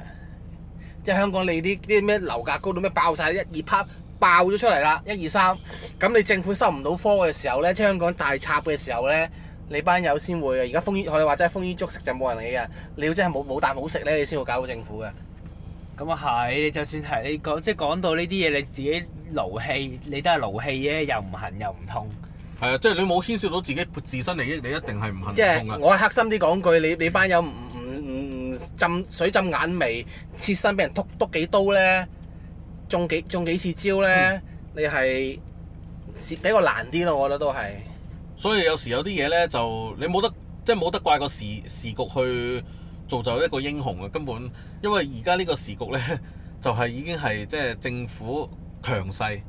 即係香港，你啲啲咩樓價高到咩爆晒，一二啪爆咗出嚟啦，一二三。咁你政府收唔到科嘅時候咧，即係香港大插嘅時候咧，你班友先會嘅。而家豐衣我哋話齋豐衣足食就冇人理嘅，你要真係冇冇啖好食咧，你先會搞到政府嘅。咁啊係，就算係你講，即係講到呢啲嘢，你自己勞氣，你都係勞氣啫，又唔痕又唔痛。係啊，即係你冇牽涉到自己自身利益，你一定係唔痕，即係唔痛嘅。我係黑心啲講句，你你，你，你班友唔～浸水浸眼眉，切身俾人篤篤幾刀咧，中幾中幾次招咧，嗯、你係蝕比較難啲咯，我覺得都係。所以有時有啲嘢咧，就你冇得，即係冇得怪個時時局去做就一個英雄啊！根本，因為而家呢個時局咧，就係、是、已經係即係政府強勢，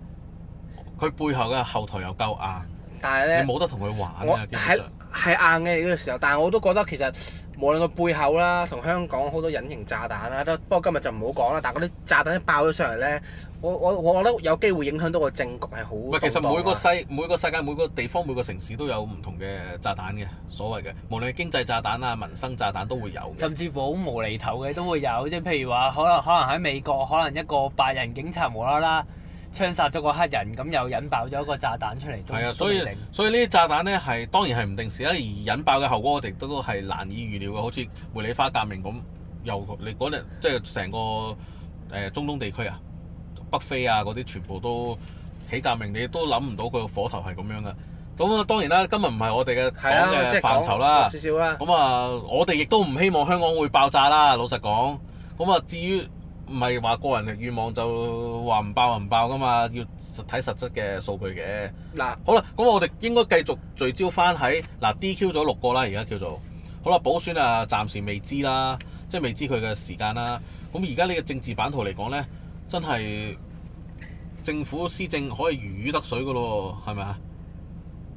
佢背後嘅後台又夠硬。但係咧，你冇得同佢玩啊！基本上係係硬嘅嘅時候，但我都覺得其實。無論個背後啦，同香港好多隱形炸彈啦，都不過今日就唔好講啦。但係嗰啲炸彈一爆咗上嚟咧，我我我覺得有機會影響到個政局係好。其實每個世每個世界每個地方每個城市都有唔同嘅炸彈嘅所謂嘅，無論經濟炸彈啊、民生炸彈都會有，甚至乎好無厘頭嘅都會有。即係譬如話，可能可能喺美國，可能一個白人警察無啦啦。槍殺咗個黑人，咁又引爆咗一個炸彈出嚟。係啊的，所以所以呢啲炸彈咧係當然係唔定時啦，而引爆嘅後果我哋都係難以預料嘅。好似茉莉花革命咁，又你嗰日即係成個誒、呃、中東地區啊、北非啊嗰啲，全部都起革命，你都諗唔到佢個火頭係咁樣㗎。咁啊，當然啦，今日唔係我哋嘅講嘅範疇啦。咁啊，我哋亦都唔希望香港會爆炸啦。老實講，咁啊，至於。唔係話個人嘅願望就話唔爆唔爆噶嘛，要實體實質嘅數據嘅。嗱那，好啦，咁我哋應該繼續聚焦翻喺嗱 DQ 咗六個啦，而家叫做。好啦，補選啊，暫時未知啦，即係未知佢嘅時間啦。咁而家呢個政治版圖嚟講咧，真係政府施政可以如魚得水噶咯，係咪啊？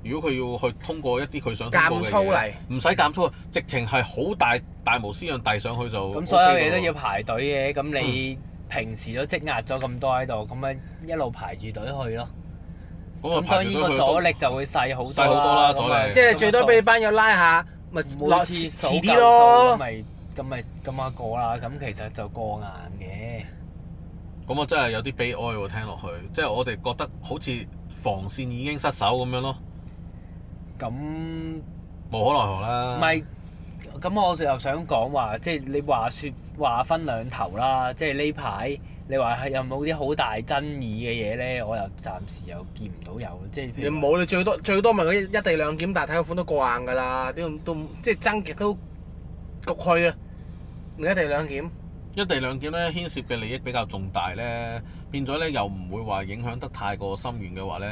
如果佢要去通過一啲佢想通過嘅嘢，唔使減粗啊，直情係好大大無私咁遞上去就、OK。咁所有嘢都要排隊嘅，咁你平時都積壓咗咁多喺度，咁樣、嗯、一路排住隊去咯。咁當然個阻力就會細好多，多，多啦。咁咪即係最多俾班友拉下，咪落遲啲咯。咪咁咪咁啊過啦。咁其實就過硬嘅。咁啊，真係有啲悲哀喎！聽落去，即係我哋覺得好似防線已經失守咁樣咯。咁無可奈何啦。唔係，咁我又想講話，即係你話説話分兩頭啦。即係呢排，你話係有冇啲好大爭議嘅嘢咧？我又暫時又見唔到有，即係。冇，你最多最多問嗰一地兩檢，但係睇個款都過硬噶啦，啲都即係爭極都焗去啊！一地兩檢。一地兩檢咧，牽涉嘅利益比較重大咧，變咗咧又唔會話影響得太過深遠嘅話咧，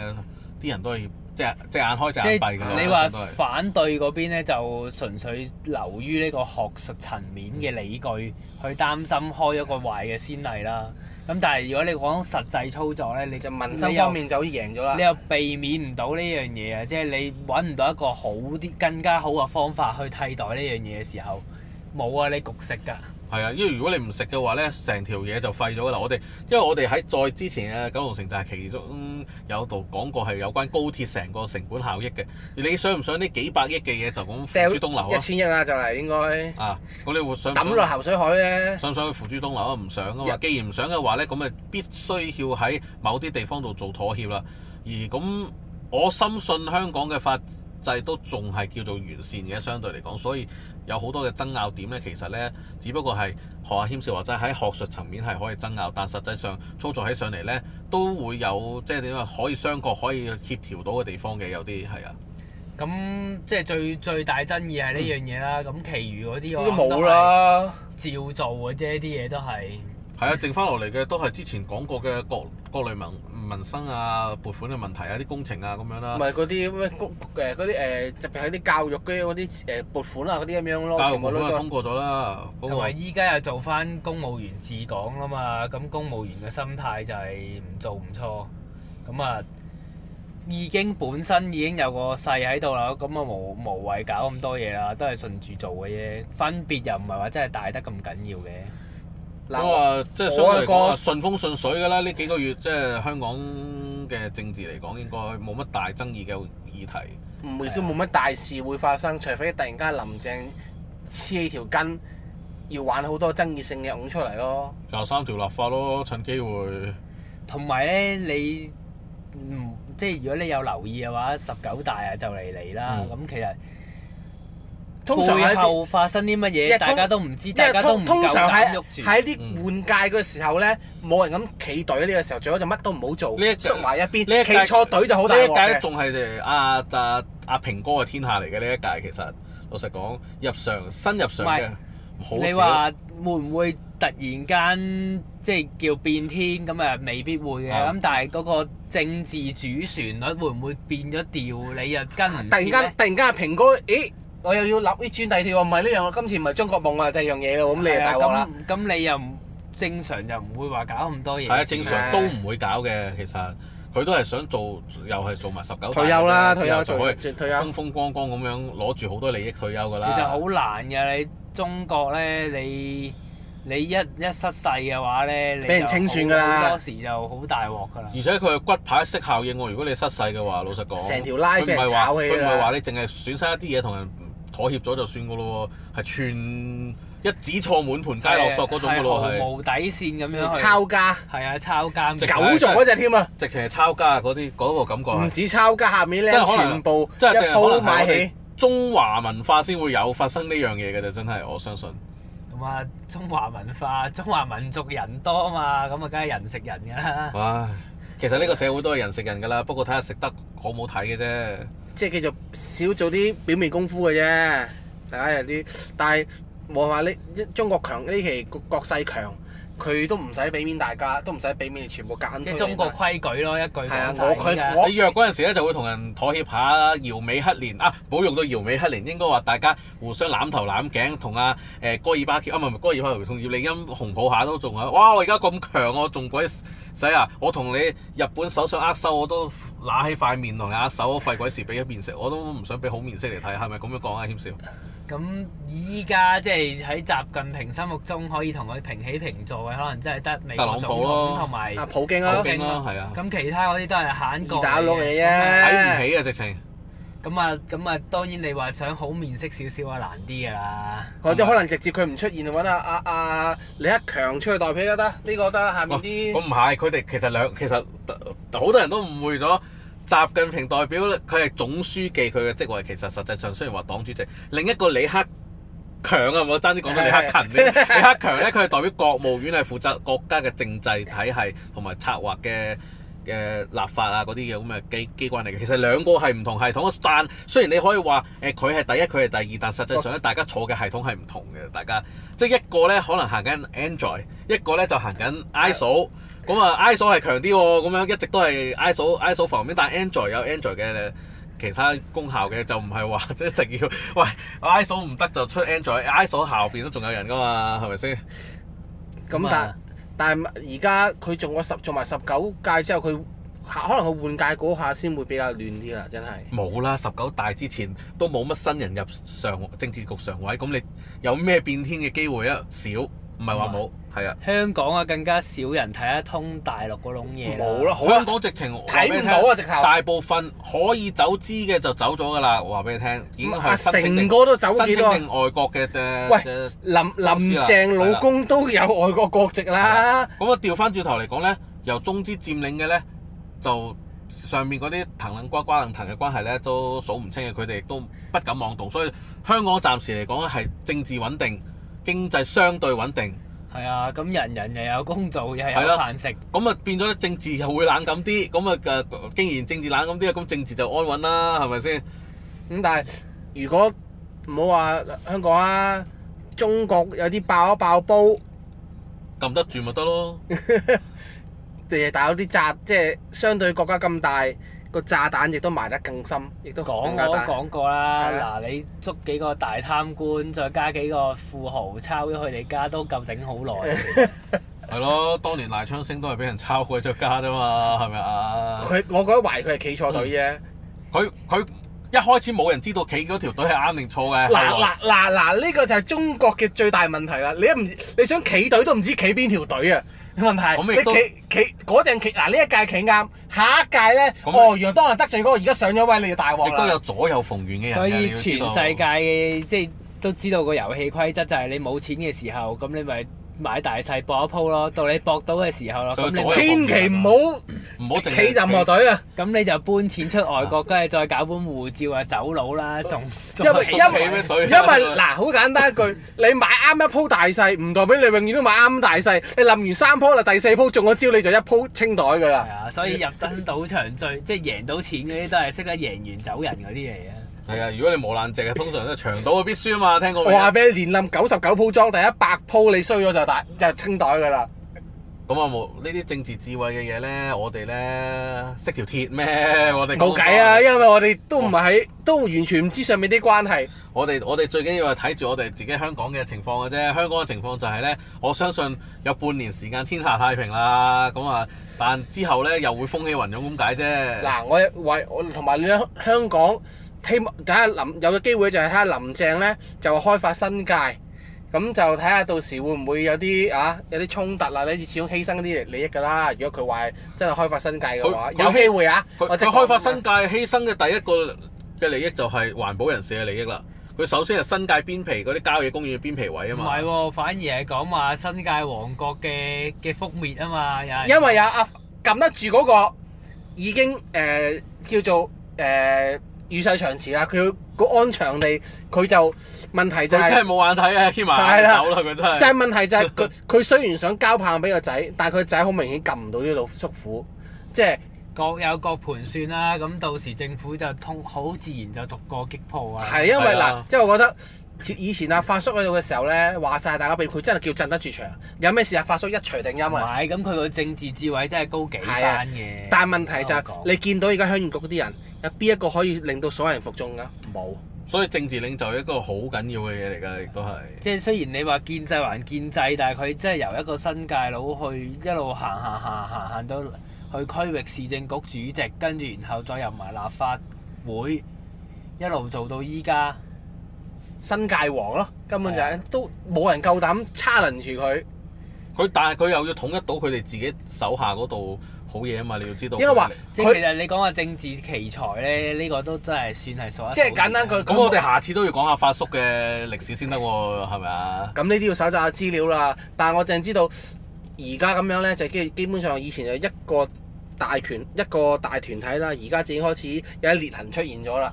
啲人都係。隻眼開隻眼閉嘅咯，都係。反對嗰邊咧就純粹流於呢個學術層面嘅理據去擔心開一個壞嘅先例啦。咁、嗯、但係如果你講實際操作咧，你就民生方面有就好贏咗啦。你又避免唔到呢樣嘢啊？即係你揾唔到一個好啲、更加好嘅方法去替代呢樣嘢嘅時候，冇啊！你局食㗎。係啊，因為如果你唔食嘅話咧，成條嘢就廢咗㗎啦。我哋因為我哋喺再之前嘅九龍城寨就係其中有度講過係有關高鐵成個成本效益嘅。你想唔想呢幾百億嘅嘢就咁付諸東流？一千億啊，就嚟應該啊，咁你會想抌落鹹水海咧？想唔想去付諸東流啊？唔想啊嘛。既然唔想嘅話咧，咁咪必須要喺某啲地方度做妥協啦。而咁我深信香港嘅法制都仲係叫做完善嘅，相對嚟講，所以有好多嘅爭拗點咧，其實咧，只不過係何阿謙笑話，真喺學術層面係可以爭拗，但實際上操作起上嚟咧，都會有即係點樣可以商榷可以協調到嘅地方嘅，有啲係啊。咁即係最最大爭議係呢樣嘢啦。咁，其餘嗰啲都冇啦，照做嘅啫，啲嘢都係。係、嗯、啊，剩翻落嚟嘅都係之前講過嘅國國內文。 [laughs] 民生啊，撥款嘅問題啊，啲工程啊，咁樣啦，唔係嗰啲咩公誒啲誒，特別係啲教育嘅啲誒撥款啊嗰啲咁樣咯，全部都通過咗啦。同埋依家又做翻公務員治港啦嘛，咁公務員嘅心態就係唔做唔錯，咁啊已經本身已經有個勢喺度啦，咁啊無無謂搞咁多嘢啦，都係順住做嘅啫，分別又唔係話真係大得咁緊要嘅。咁話即係所謂個順風順水嘅啦，呢幾個月即係香港嘅政治嚟講，應該冇乜大爭議嘅議題，唔會，都冇乜大事會發生，的除非突然間林鄭黐起條筋，要玩好多爭議性嘅嘢出嚟咯。廿三條立法咯，趁機會。同埋咧，你唔即係如果你有留意嘅話，十九大啊就嚟嚟啦，咁、嗯、其實。通常發生啲乜嘢？大家都唔知道，通大家都唔通，通常喺喺啲換屆嘅時候咧，冇人咁企隊呢個時候，最好就乜都唔好做。呢一縮埋一邊，呢一企錯隊就好大鑊嘅。仲係阿阿平哥嘅天下嚟嘅呢一屆，其實老實講入常新入常嘅，喂你話會唔會突然間即係叫變天咁啊？未必會嘅。咁、嗯、但係嗰個政治主旋律會唔會變咗調？你又跟唔？突然間突然間阿平哥，咦？我又要立啲磚地鐵喎，唔係呢樣，我今次唔係中國夢啊，就係樣嘢咯。咁你啊，咁咁你又正常就唔會話搞咁多嘢。係啊，正常都唔會搞嘅，其實佢都係想做，又係做埋十九。退休啦，退休，退休，風風光光咁樣攞住好多利益退休㗎啦。其實好難㗎，你中國咧，你你一一失勢嘅話咧，你俾人清算㗎啦，好多時就好大鑊㗎啦。而且佢係骨牌式效應喎，如果你失勢嘅話，老實講，成條拉俾炒㗎啦。佢唔係話你淨係損失一啲嘢同人。妥協咗就算噶咯喎，係全一指錯滿盤皆落索嗰種噶咯，係無底線咁樣抄家，係啊抄家，九族嗰隻添啊，直情係抄家嗰啲嗰個感覺，唔止抄家，下面咧全部一鋪都買起。中華文化先會有發生呢樣嘢嘅啫，真係我相信。咁啊，中華文化，中華民族人多啊嘛，咁啊，梗係人食人噶。哇，其實呢個社會都係人食人噶啦，不過睇下食得好唔好睇嘅啫。即係佢就少做啲表面功夫嘅啫，大家有啲，但係冇辦法咧，一中國強呢期國國勢強。佢都唔使俾面大家，都唔使俾面，你全部夾硬。即係中國規矩咯，一句講曬的。我佢我約嗰陣時咧，就會同人妥協下，搖尾乞憐啊，保融到搖尾乞憐，應該話大家互相攬頭攬頸，同阿誒戈爾巴喬啊，唔係唔係戈爾巴喬同葉利欣紅抱下都仲啊！哇，我而家咁強，我仲鬼使啊！我同你日本首相握手，我都擰起塊面同你握手，費鬼事俾咗面食，我都唔想俾好面色嚟睇，係咪咁樣講啊？謙少。咁依家即係喺習近平心目中可以同佢平起平坐嘅，可能真係得美國總統同埋啊普京咯，普京咯，係啊。咁其他嗰啲都係二打佬嚟啫，睇唔起啊直情。咁啊，咁啊，當然你話想好面色少少啊，難啲㗎啦。或者、嗯、可能直接佢唔出現，揾阿阿李克強出去代表都得，呢、呢個得下面。啲、啊。咁唔係，佢哋其實兩其實好多人都誤會咗。習近平代表佢係總書記，佢嘅職位其實實際上雖然話黨主席，另一個李克強啊，我爭啲講緊李克勤， [laughs] 李克強咧，佢係代表國務院，係負責國家嘅政制體系同埋策劃嘅嘅立法啊嗰啲嘅咁嘅機機關嚟嘅。其實兩個係唔同系統，但雖然你可以話誒佢係第一，佢係第二，但實際上咧大家坐嘅系統係唔同嘅，大家即係一個咧可能行緊 Android，一個咧就行緊 iOS。咁啊，iOS 係強啲，咁樣，樣一直都係 iOS，iOS 防邊，但係 Android 有 Android 嘅其他功效嘅，就唔係話即一定要。喂，iOS 唔得就出 Android，iOS 後邊都仲有人㗎嘛，係咪先？咁但、啊、但係而家佢仲個十，做埋十九屆之後，佢可能佢換屆嗰下先會比較亂啲啦，真係。冇啦，十九大之前都冇乜新人入上政治局常委，咁你有咩變天嘅機會啊？少。唔係話冇，係啊！香港啊，更加少人睇得通大陸嗰種嘢。冇啦，好啊、香港直情睇唔到啊！直頭大部分可以走資嘅就走咗㗎喇，我話俾你聽。啊，成個都走幾多？新定外國嘅誒，林林，林鄭老公都有外國國籍啦。咁啊，調翻轉頭嚟講咧，由中資佔領嘅咧，就上邊嗰啲騰騰瓜瓜楞騰嘅關係咧，都數唔清嘅。佢哋亦都不敢妄動，所以香港暫時嚟講咧，係政治穩定。經濟相對穩定，係啊，咁人人又有工做，又有飯食，咁啊變咗政治又會冷感啲，咁啊嘅既然政治冷感啲，咁政治就安穩啦，係咪先？咁但係如果唔好話香港啊，中國有啲爆一爆煲，撳得住咪得咯？地大有啲雜，即係相對國家咁大，個炸彈亦都埋得更深，亦都講過講過啦。嗱的，你捉幾個大貪官，再加幾個富豪抄咗佢哋家都夠頂好耐。係咯，當年賴昌星都係俾人抄鬼咗家啫嘛，係咪啊？佢我覺得懷疑佢係企錯隊啫、嗯，佢佢。一開始冇人知道企嗰條隊係啱定錯嘅。嗱嗱嗱嗱，呢、這個就係中國嘅最大問題啦！你唔你想企隊都唔知企邊條隊啊？問題係，你企企嗰陣企，嗱呢一屆企啱，下一屆咧，屆呢哦，原來當日得罪嗰個，而家上咗位你嘅大鑊亦都有左右逢源嘅人的。所以全世界即係都知道個遊戲規則就係、是、你冇錢嘅時候，咁你咪。買大細博一鋪咯，到你博到嘅時候咯，咁你千祈唔好唔好企任何隊啊！咁你就搬錢出外國，跟住再搞本護照啊，走佬啦！仲因為因為因為嗱，好簡單一句，你買啱一鋪大細，唔代表你永遠都買啱大細。你臨完三鋪啦，第四鋪中咗招，你就一鋪清袋噶啦。係啊。所以入得賭場最即係贏到錢嗰啲，都係識得贏完走人嗰啲嚟嘅。係啊，如果你磨爛蓆啊，通常都係長島嘅必輸啊嘛，聽講。我話俾你連，年冧九十九鋪莊，第一百鋪你衰咗就大，就清袋噶啦。咁啊，冇呢啲政治智慧嘅嘢咧，我哋咧識條鐵咩？我哋冇計啊，因為我哋都唔係喺，哦、都完全唔知上面啲關係。我哋我哋最緊要係睇住我哋自己香港嘅情況嘅啫。香港嘅情況就係、是、咧，我相信有半年時間天下太平啦。咁啊，但之後咧又會風起雲湧咁解啫。嗱，我為我同埋你香港。希望睇下林有個機會就係睇下林鄭咧就開發新界，咁就睇下到時會唔會有啲啊有啲衝突啦？你始終犧牲啲利益噶啦。如果佢話真係開發新界嘅話，有機會啊！佢開發新界犧牲嘅第一個嘅利益就係環保人士嘅利益啦。佢首先係新界邊皮嗰啲郊野公園嘅邊皮位啊嘛。唔係、哦，反而係講話新界王國嘅嘅覆滅啊嘛。因為有啊撳、啊、得住嗰、那個已經誒、呃、叫做誒。呃呃與世長辭啦！佢個安詳地，佢就問題就係真係冇眼睇啊！添埋手啦，佢、啊、真係就係問題就係、是、佢，佢 [laughs] 雖然想交棒俾個仔，但係佢仔好明顯撳唔到呢老叔父，即、就、係、是、各有各盤算啦。咁到時政府就通好自然就逐個擊破啊！係因為嗱、啊啊，即係我覺得。以前阿、啊嗯、法叔喺度嘅時候咧，話晒大家俾佢真係叫震得住場。有咩事阿、啊、法叔一錘定音啊！唔係咁佢個政治智慧真係高幾班嘅。啊、但係問題就係你見到而家鄉議局啲人有邊一個可以令到所有人服眾㗎？冇。所以政治領袖一個好緊要嘅嘢嚟㗎，亦都係。即係雖然你話建制還建制，但係佢真係由一個新界佬去一路行行行行行、行、行到去區域市政局主席，跟住然後再入埋立法會，一路做到依家。新界王咯，根本就係、是、都冇人夠膽差撚住佢。佢但係佢又要統一到佢哋自己手下嗰度好嘢啊嘛，你要知道。因為話，即係是它其實你講下政治奇才咧，呢、嗯、個都真係算係數一，數一數。即係簡單句。咁我哋下次都要講下發叔嘅歷史先得喎，係咪啊？咁呢啲要搜集下資料啦。但係我淨係知道而家咁樣咧，就基基本上以前就一個大權一個大團體啦，而家已經開始有裂痕出現咗啦。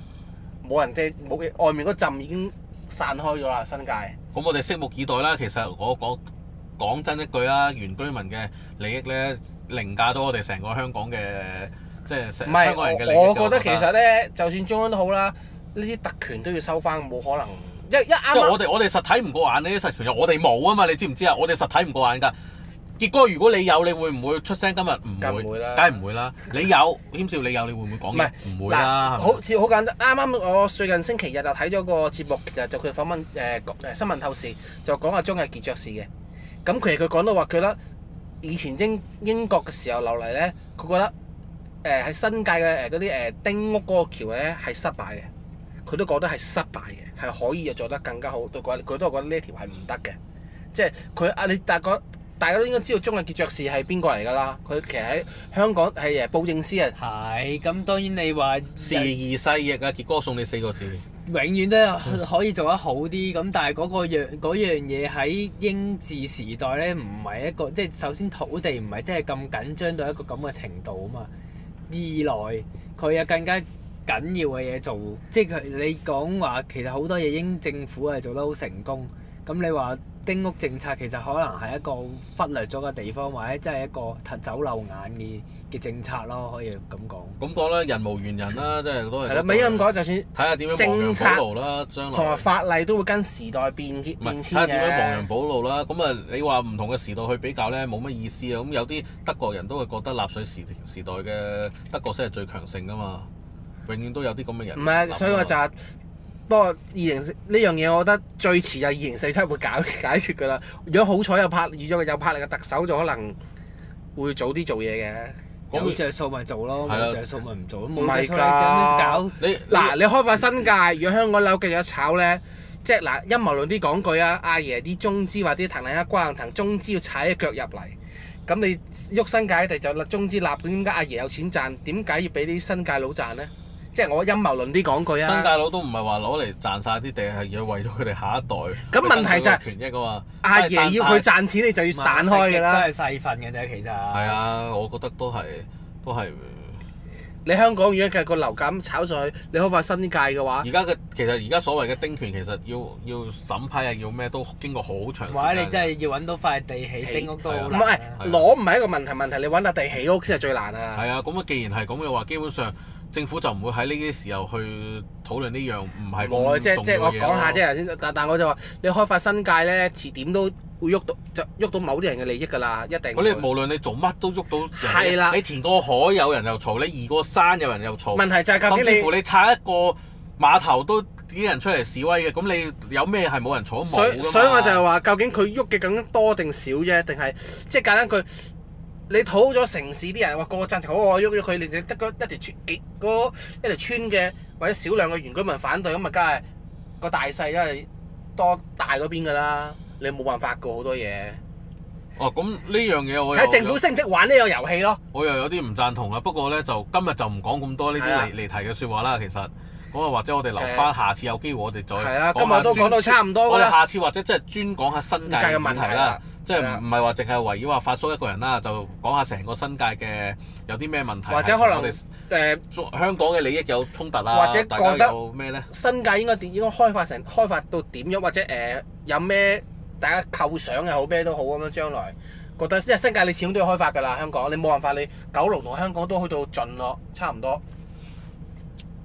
冇人即冇外面嗰陣已經，已經，散開咗啦，新界。咁我哋拭目以待啦。其實我講講真一句啦，原居民嘅利益咧，凌駕咗我哋成個香港嘅，即係成香港人嘅利益我。我覺得其實咧，就算中央都好啦，呢啲特權都要收翻，冇可能。一一啱啱，我哋我哋實體唔過眼呢啲實權，我哋冇啊嘛，你知唔知啊？我哋實體唔過眼噶。結果如果你有，你會唔會出聲？今日唔會，梗係唔會啦。會啦 [laughs] 你有，謙少，你有，你會唔會講嘢？唔是會啦。好似好簡單。啱啱我最近星期日就睇咗個節目，其實就佢訪問誒誒、呃、新聞透視，就講阿鍾逸傑爵士嘅。咁其實佢講到話，佢咧以前英英國嘅時候留嚟咧，佢覺得誒喺、呃、新界嘅誒嗰啲誒丁屋嗰個橋咧係失敗嘅，佢都覺得係失敗嘅，係可以做得更加好。對佢，佢都覺得呢一條係唔得嘅，即係佢啊你但係大家都應該知道鍾逸傑爵士係邊個嚟㗎啦？佢其實喺香港係誒布政司人，係，咁當然你話時移世易啊，傑哥送你四個字：永遠都可以做得好啲。咁 [laughs] 但係、嗰、嗰個樣嘢喺英治時代咧，唔係一個即係首先土地唔係即係咁緊張到一個咁嘅程度啊嘛。二來佢有更加緊要嘅嘢做，即係佢你講話其實好多嘢英政府係做得好成功。咁你話？丁屋政策其實可能係一個忽略咗嘅地方，或者真係一個走漏眼嘅嘅政策咯，可以咁講。咁講咧，人無完人啦、啊，真係、嗯、都唔係。唔好咁講，就算睇下點樣亡羊補牢啦，政策 將來同埋法例都會跟時代變結變遷嘅。睇下點樣亡羊補牢啦，咁啊，你話唔同嘅時代去比較咧，冇乜意思啊。咁有啲德國人都係覺得納粹時時代嘅德國先係最強盛噶嘛，永遠都有啲咁嘅人、啊。唔係，所以我就是。不過二零四呢樣嘢，我覺得最遲就二零四七會搞解決噶啦。如果好彩有拍，遇咗個有魄力嘅特首，就可能會早啲做嘢嘅。有隻數咪做咯，冇隻了數咪唔做。唔係噶，你嗱你開發新界，如果香港樓繼續炒咧，即係嗱，陰謀論啲講句啊，阿爺啲中資或者騰騰一瓜騰，中資要踩隻腳入嚟，咁你喐新界一就啦，中資立。咁點解阿爺有錢賺？點解要俾啲新界佬賺咧？即係我陰謀論啲講句啊！新界佬都唔係話攞嚟賺晒啲地，係要為咗佢哋下一代。咁問題就係權益啊嘛！阿爺要佢賺錢，你就要彈開嘅啦。都係細份嘅啫，其實。係啊，我覺得都係，都係。你香港如果個樓價炒上去，你好話新界嘅話。而家嘅其實而家所謂嘅丁權，其實要要審批啊，要咩都經過好長時間。或者你真係要揾到塊地起屋都好難。唔係攞唔係一個問題，問題你揾下地起屋先係最難啊。係啊，咁啊，既然係咁嘅話，基本上。政府就唔會喺呢啲時候去討論呢樣唔係咁重嘅嘢。我即、就、即、是就是、我講下啫頭先，但但我就話你開發新界咧，遲點都會喐到，就喐到某啲人嘅利益㗎啦，一定。你啲無論你做乜都喐到。係啦的。你填過海有人又嘈，你移過山有人又嘈。問題就係究竟你，甚至乎你拆一個碼頭都啲人出嚟示威嘅，咁你有咩係冇人坐所以，冇㗎嘛，所以我就係話，究竟佢喐嘅更多定少啫？定係即簡單句。.你討咗城市啲人，話個陣好愛喐喐佢，你淨得個一條村幾一條村嘅或者少量嘅原居民反對，咁咪梗係個大勢因係多大嗰邊噶啦，你冇辦法過好多嘢。哦，咁呢樣嘢我睇政府識唔識玩呢個遊戲咯。我又有啲唔贊同啦，不過咧就今日就唔講咁多呢啲離離題嘅説話啦。其實講下或者我哋留翻下，的下次有機會我哋再說說說說。係啊的，今日都講到差唔多。我哋下次或者即係專講下新界嘅問題啦。即係唔唔係話淨係圍繞話發叔一個人啦，就講下成個新界嘅有啲咩問題，或者可能誒，呃、香港嘅利益有衝突啦，或者、呃、覺得咩咧？新界應該點？應該開發成開發到點樣？或者誒，有咩大家構想又好咩都好咁樣？將來覺得即係新界你始終都要開發噶啦，香港你冇辦法，你九龍同香港都去到盡咯，差唔多。嗯、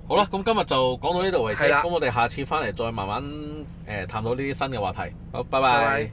好啦，咁今日就講到呢度為止。咁我哋下次翻嚟再慢慢誒、呃、探討呢啲新嘅話題。好，拜拜。